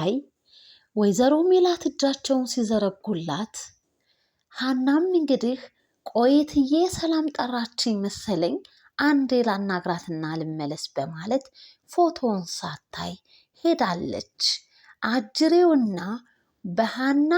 አይ ወይዘሮ ሜላት እጃቸውን ሲዘረጉላት ሀናም እንግዲህ ቆይትዬ ሰላም ጠራችኝ መሰለኝ አንዴ ላናግራትና ልመለስ በማለት ፎቶውን ሳታይ ሄዳለች። አጅሬውና በሀና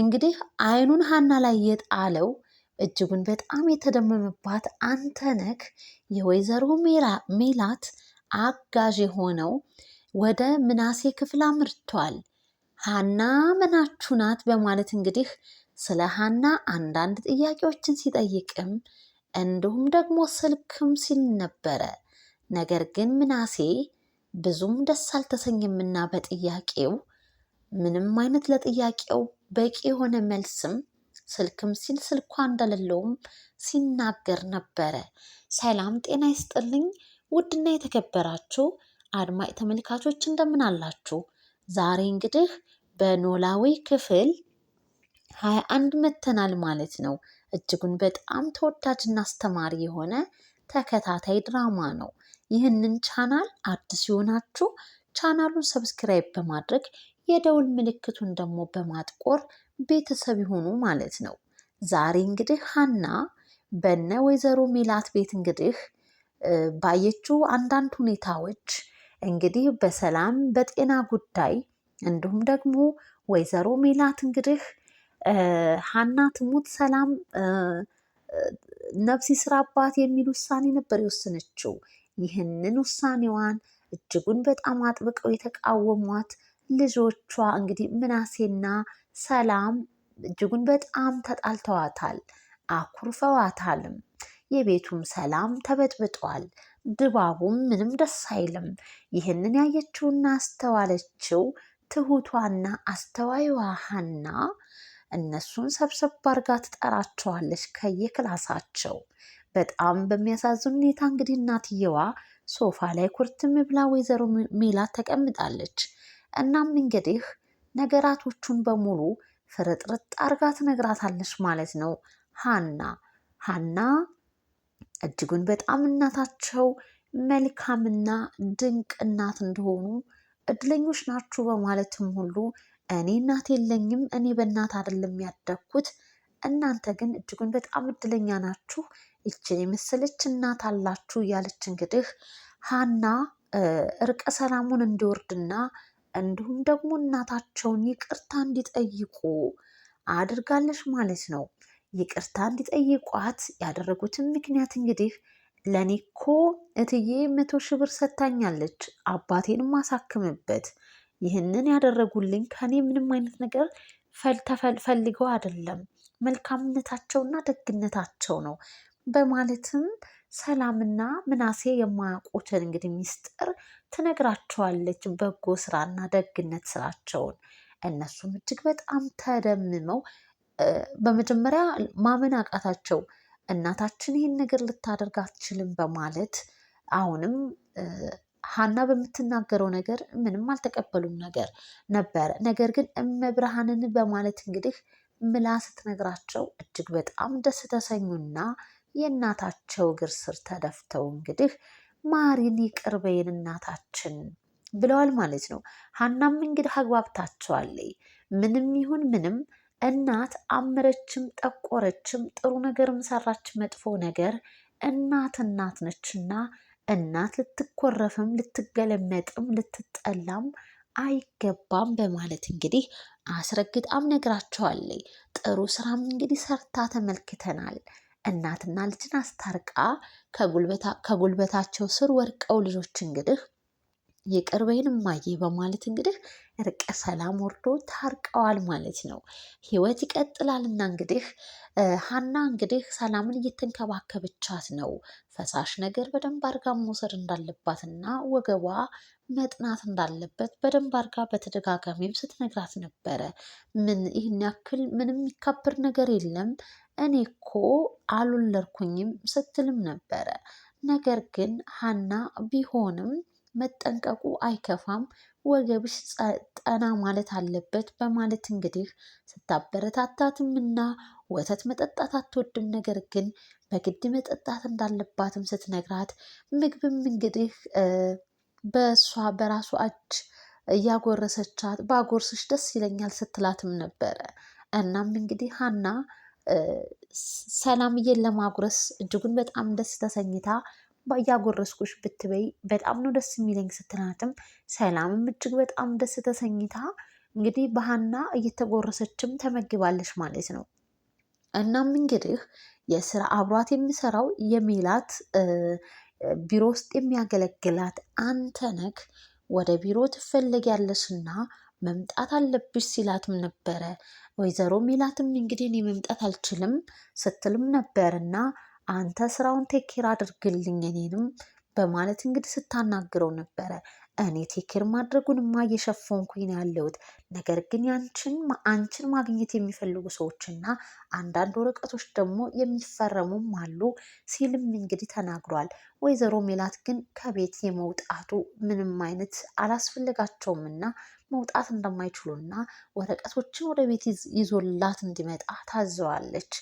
እንግዲህ አይኑን ሀና ላይ የጣለው እጅጉን በጣም የተደመመባት አንተነክ የወይዘሮ ሜላት አጋዥ የሆነው ወደ ምናሴ ክፍል አምርቷል። ሀና ምናችሁ ናት በማለት እንግዲህ ስለ ሀና አንዳንድ ጥያቄዎችን ሲጠይቅም እንዲሁም ደግሞ ስልክም ሲል ነበረ። ነገር ግን ምናሴ ብዙም ደስ አልተሰኘምና በጥያቄው ምንም አይነት ለጥያቄው በቂ የሆነ መልስም ስልክም ሲል ስልኳ እንደሌለውም ሲናገር ነበረ። ሰላም ጤና ይስጥልኝ ውድና የተከበራችሁ አድማጭ ተመልካቾች እንደምን አላችሁ? ዛሬ እንግዲህ በኖላዊ ክፍል ሀያ አንድ መተናል ማለት ነው። እጅጉን በጣም ተወዳጅና አስተማሪ የሆነ ተከታታይ ድራማ ነው። ይህንን ቻናል አዲስ የሆናችሁ ቻናሉን ሰብስክራይብ በማድረግ የደውል ምልክቱን ደግሞ በማጥቆር ቤተሰብ ይሆኑ ማለት ነው። ዛሬ እንግዲህ ሀና በነ ወይዘሮ ሚላት ቤት እንግዲህ ባየችው አንዳንድ ሁኔታዎች እንግዲህ በሰላም በጤና ጉዳይ እንዲሁም ደግሞ ወይዘሮ ሜላት እንግዲህ ሀና ትሙት ሰላም ነፍስ ይስራባት የሚል ውሳኔ ነበር የወሰነችው። ይህንን ውሳኔዋን እጅጉን በጣም አጥብቀው የተቃወሟት ልጆቿ እንግዲህ ምናሴና ሰላም እጅጉን በጣም ተጣልተዋታል፣ አኩርፈዋታልም። የቤቱም ሰላም ተበጥብጧል። ድባቡም ምንም ደስ አይልም። ይህንን ያየችውና አስተዋለችው ትሁቷና አስተዋይዋ ሀና እነሱን ሰብሰብ አድርጋ ትጠራቸዋለች ከየክላሳቸው። በጣም በሚያሳዝን ሁኔታ እንግዲህ እናትየዋ ሶፋ ላይ ኩርትም ብላ ወይዘሮ ሜላት ተቀምጣለች። እናም እንግዲህ ነገራቶቹን በሙሉ ፍርጥርጥ አድርጋ ትነግራታለች ማለት ነው ሀና ሀና እጅጉን በጣም እናታቸው መልካምና ድንቅ እናት እንደሆኑ እድለኞች ናችሁ በማለትም ሁሉ እኔ እናት የለኝም፣ እኔ በእናት አይደለም ያደግኩት፣ እናንተ ግን እጅጉን በጣም እድለኛ ናችሁ፣ ይችን የመሰለች እናት አላችሁ እያለች እንግዲህ ሀና እርቀ ሰላሙን እንዲወርድና እንዲሁም ደግሞ እናታቸውን ይቅርታ እንዲጠይቁ አድርጋለች ማለት ነው። ይቅርታ እንዲጠይቋት ያደረጉትን ምክንያት እንግዲህ ለእኔ እኮ እትዬ መቶ ሺህ ብር ሰታኛለች አባቴን ማሳክምበት ይህንን ያደረጉልኝ ከኔ ምንም አይነት ነገር ፈልገው አይደለም፣ መልካምነታቸውና ደግነታቸው ነው በማለትም ሰላምና ምናሴ የማያውቁትን እንግዲህ ሚስጥር ትነግራቸዋለች። በጎ ስራና ደግነት ስራቸውን እነሱም እጅግ በጣም ተደምመው በመጀመሪያ ማመን አቃታቸው። እናታችን ይህን ነገር ልታደርግ አትችልም በማለት አሁንም ሀና በምትናገረው ነገር ምንም አልተቀበሉም ነገር ነበር። ነገር ግን እመብርሃንን በማለት እንግዲህ ምላ ስትነግራቸው እጅግ በጣም ደስ ተሰኙና የእናታቸው እግር ስር ተደፍተው እንግዲህ ማሪን ይቅር እናታችን ብለዋል ማለት ነው። ሀናም እንግዲህ አግባብታቸዋለይ ምንም ይሁን ምንም እናት አመረችም ጠቆረችም ጥሩ ነገርም ሰራች መጥፎ ነገር እናት እናት ነችና እናት ልትኮረፍም ልትገለመጥም ልትጠላም አይገባም በማለት እንግዲህ አስረግጣም ነግራቸዋለች። ጥሩ ስራም እንግዲህ ሰርታ ተመልክተናል። እናትና ልጅን አስታርቃ ከጉልበታቸው ስር ወርቀው ልጆች እንግዲህ የቅርበይን ማየ በማለት እንግዲህ እርቀ ሰላም ወርዶ ታርቀዋል ማለት ነው። ህይወት እና እንግዲህ ሀና እንግዲህ ሰላምን እየተንከባከበቻት ነው። ፈሳሽ ነገር በደንብ አርጋ መውሰድ እንዳለባትና ወገቧ መጥናት እንዳለበት በደንብ አርጋ በተደጋጋሚም ስትነግራት ነበረ። ምን ይህን ያክል ምንም የሚካብር ነገር የለም እኔ እኮ አልወለድኩኝም ስትልም ነበረ። ነገር ግን ሀና ቢሆንም መጠንቀቁ አይከፋም፣ ወገብሽ ጠና ማለት አለበት በማለት እንግዲህ ስታበረታታትም እና ወተት መጠጣት አትወድም፣ ነገር ግን በግድ መጠጣት እንዳለባትም ስትነግራት ምግብም እንግዲህ በእሷ በራሷ እጅ እያጎረሰቻት ባጎርስሽ ደስ ይለኛል ስትላትም ነበረ። እናም እንግዲህ ሀና ሰላምዬን ለማጉረስ እጅጉን በጣም ደስ ተሰኝታ እያጎረስኩሽ ብትበይ በጣም ነው ደስ የሚለኝ ስትላትም ሰላምም እጅግ በጣም ደስ ተሰኝታ እንግዲህ በሀና እየተጎረሰችም ተመግባለች ማለት ነው። እናም እንግዲህ የስራ አብሯት የሚሰራው የሚላት ቢሮ ውስጥ የሚያገለግላት አንተ ነክ ወደ ቢሮ ትፈለጊያለሽና መምጣት አለብሽ ሲላትም ነበረ። ወይዘሮ ሚላትም እንግዲህ እኔ መምጣት አልችልም ስትልም ነበርና አንተ ስራውን ቴኬር አድርግልኝ እኔንም በማለት እንግዲህ ስታናግረው ነበረ። እኔ ቴኬር ማድረጉንማ እየሸፈንኩኝ ነው ያለሁት፣ ነገር ግን ያንችን አንችን ማግኘት የሚፈልጉ ሰዎችና አንዳንድ ወረቀቶች ደግሞ የሚፈረሙም አሉ ሲልም እንግዲህ ተናግሯል። ወይዘሮ ሜላት ግን ከቤት የመውጣቱ ምንም አይነት ና መውጣት እንደማይችሉና ወረቀቶችን ወደ ቤት ይዞላት እንዲመጣ ታዘዋለች።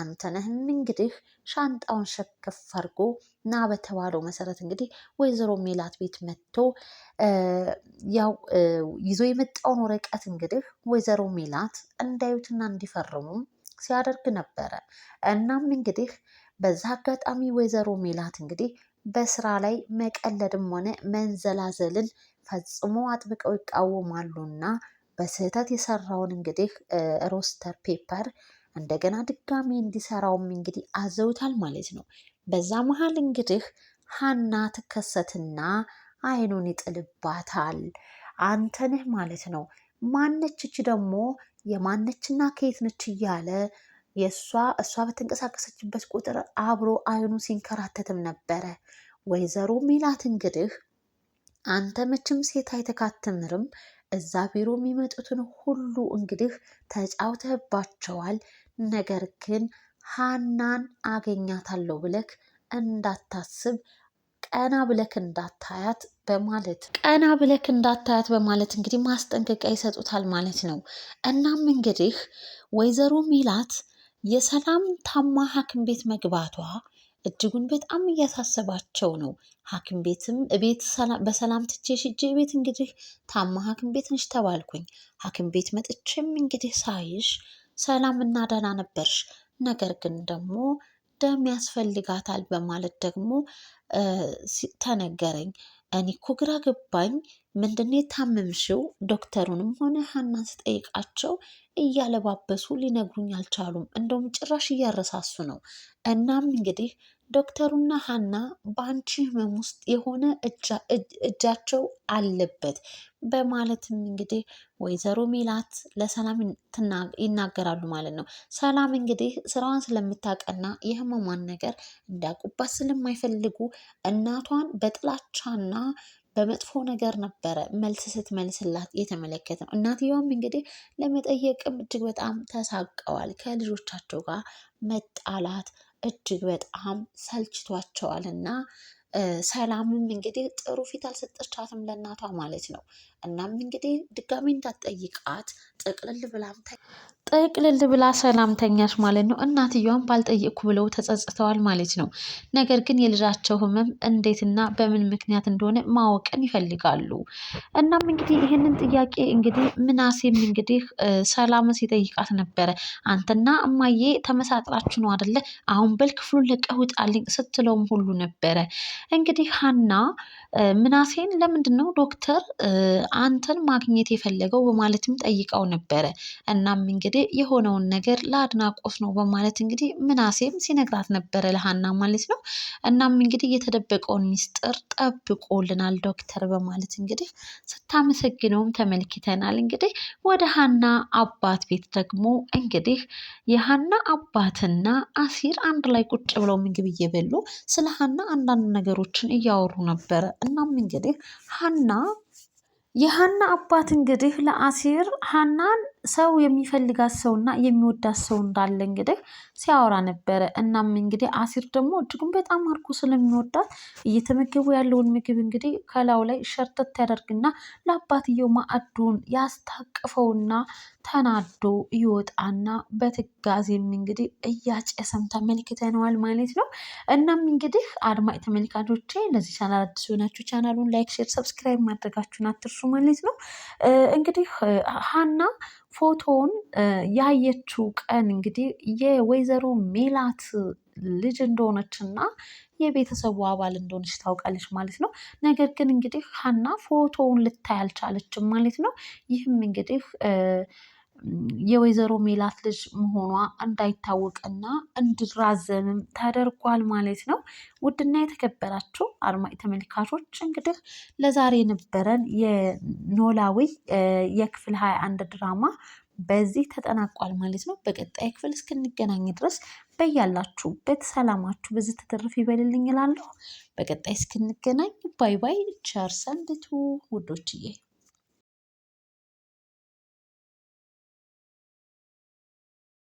አንተነህም እንግዲህ ሻንጣውን ሸከፍ አድርጎ ና በተባለው መሰረት እንግዲህ ወይዘሮ ሜላት ቤት መጥቶ ያው ይዞ የመጣውን ወረቀት እንግዲህ ወይዘሮ ሜላት እንዳዩትና እንዲፈርሙ ሲያደርግ ነበረ። እናም እንግዲህ በዛ አጋጣሚ ወይዘሮ ሜላት እንግዲህ በስራ ላይ መቀለድም ሆነ መንዘላዘልን ፈጽሞ አጥብቀው ይቃወማሉና በስህተት የሰራውን እንግዲህ ሮስተር ፔፐር እንደገና ድጋሚ እንዲሰራውም እንግዲህ አዘውታል ማለት ነው። በዛ መሀል እንግዲህ ሀና ትከሰትና አይኑን ይጥልባታል። አንተንህ ማለት ነው ማነችች ደግሞ የማነችና ከየት ነች እያለ የእሷ እሷ በተንቀሳቀሰችበት ቁጥር አብሮ አይኑ ሲንከራተትም ነበረ። ወይዘሮ ሚላት እንግዲህ አንተ መቼም ሴት አይተካትምርም እዛ ቢሮ የሚመጡትን ሁሉ እንግዲህ ተጫውተህባቸዋል። ነገር ግን ሀናን አገኛታለሁ ብለክ እንዳታስብ ቀና ብለክ እንዳታያት በማለት ቀና ብለክ እንዳታያት በማለት እንግዲህ ማስጠንቀቂያ ይሰጡታል ማለት ነው። እናም እንግዲህ ወይዘሮ ሚላት የሰላም ታማ ሐኪም ቤት መግባቷ እጅጉን በጣም እያሳሰባቸው ነው። ሐኪም ቤትም ቤት በሰላም ትቼ ሽጄ ቤት እንግዲህ ታማ ሐኪም ቤት ነሽ ተባልኩኝ። ሐኪም ቤት መጥቼም እንግዲህ ሳይሽ ሰላም እና ደህና ነበርሽ። ነገር ግን ደግሞ ደም ያስፈልጋታል በማለት ደግሞ ተነገረኝ። እኔ እኮ ግራ ገባኝ። ምንድን የታመምሽው? ዶክተሩንም ሆነ ሀናን ስጠይቃቸው እያለባበሱ ሊነግሩኝ አልቻሉም። እንደውም ጭራሽ እያረሳሱ ነው። እናም እንግዲህ ዶክተሩና ሀና በአንቺ ህመም ውስጥ የሆነ እጃቸው አለበት በማለትም እንግዲህ ወይዘሮ ሚላት ለሰላም ይናገራሉ ማለት ነው። ሰላም እንግዲህ ስራዋን ስለምታውቅና የህመሟን ነገር እንዳያውቁባት ስለማይፈልጉ እናቷን በጥላቻና በመጥፎ ነገር ነበረ መልስ ስትመልስላት የተመለከት ነው። እናትየውም እንግዲህ ለመጠየቅም እጅግ በጣም ተሳቀዋል። ከልጆቻቸው ጋር መጣላት እጅግ በጣም ሰልችቷቸዋል እና ሰላምም እንግዲህ ጥሩ ፊት አልሰጠቻትም ለእናቷ ማለት ነው። እናም እንግዲህ ድጋሚ እንዳትጠይቃት ጥቅልል ብላም ጥቅልል ብላ ሰላም ተኛች ማለት ነው። እናትየዋን ባልጠየቅኩ ብለው ተጸጽተዋል ማለት ነው። ነገር ግን የልጃቸው ህመም እንዴትና በምን ምክንያት እንደሆነ ማወቅን ይፈልጋሉ። እናም እንግዲህ ይህንን ጥያቄ እንግዲህ ምናሴም እንግዲህ ሰላም ሲጠይቃት ነበረ። አንተና እማዬ ተመሳጥራችሁ ነው አደለ? አሁን በል ክፍሉን ለቀህ ውጣልኝ ስትለውም ሁሉ ነበረ። እንግዲህ ሀና ምናሴን ለምንድን ነው ዶክተር አንተን ማግኘት የፈለገው በማለትም ጠይቀው ነበረ። እናም እንግዲህ እንግዲህ የሆነውን ነገር ለአድናቆት ነው በማለት እንግዲህ ምናሴም ሲነግራት ነበረ ለሀና ማለት ነው። እናም እንግዲህ የተደበቀውን ሚስጥር ጠብቆልናል ዶክተር በማለት እንግዲህ ስታመሰግነውም ተመልክተናል። እንግዲህ ወደ ሀና አባት ቤት ደግሞ እንግዲህ የሀና አባትና አሲር አንድ ላይ ቁጭ ብለው ምግብ እየበሉ ስለ ሀና አንዳንድ ነገሮችን እያወሩ ነበረ። እናም እንግዲህ ሀና የሀና አባት እንግዲህ ለአሲር ሀናን ሰው የሚፈልጋት ሰውና የሚወዳት ሰው እንዳለ እንግዲህ ሲያወራ ነበረ። እናም እንግዲህ አሲር ደግሞ እጅጉን በጣም አድርጎ ስለሚወዳት እየተመገቡ ያለውን ምግብ እንግዲህ ከላው ላይ ሸርተት ያደርግና ለአባትየው ማዕዱን ያስታቅፈውና ተናዶ ይወጣና በትጋዜም እንግዲህ እያጨሰም ተመልክተነዋል ማለት ነው። እናም እንግዲህ አድማጭ ተመልካቾቼ ለዚህ ቻናል አዲስ የሆናችሁ ቻናሉን ላይክ፣ ሼር፣ ሰብስክራይብ ማድረጋችሁን አትርሱ ማለት ነው። እንግዲህ ሀና ፎቶውን ያየችው ቀን እንግዲህ የወይዘሮ ሜላት ልጅ እንደሆነችና የቤተሰቡ አባል እንደሆነች ታውቃለች ማለት ነው። ነገር ግን እንግዲህ ሀና ፎቶውን ልታይ አልቻለችም ማለት ነው። ይህም እንግዲህ የወይዘሮ ሜላት ልጅ መሆኗ እንዳይታወቅና እንዲራዘምም ተደርጓል ማለት ነው። ውድና የተከበራችሁ አድማጭ ተመልካቾች እንግዲህ ለዛሬ የነበረን የኖላዊ የክፍል ሀያ አንድ ድራማ በዚህ ተጠናቋል ማለት ነው። በቀጣይ ክፍል እስክንገናኝ ድረስ በያላችሁበት ሰላማችሁ በዚህ ተተርፍ ይበልልኝ ይላለሁ በቀጣይ እስክንገናኝ ባይ ባይ። ቸር ሰንብቱ ውዶችዬ።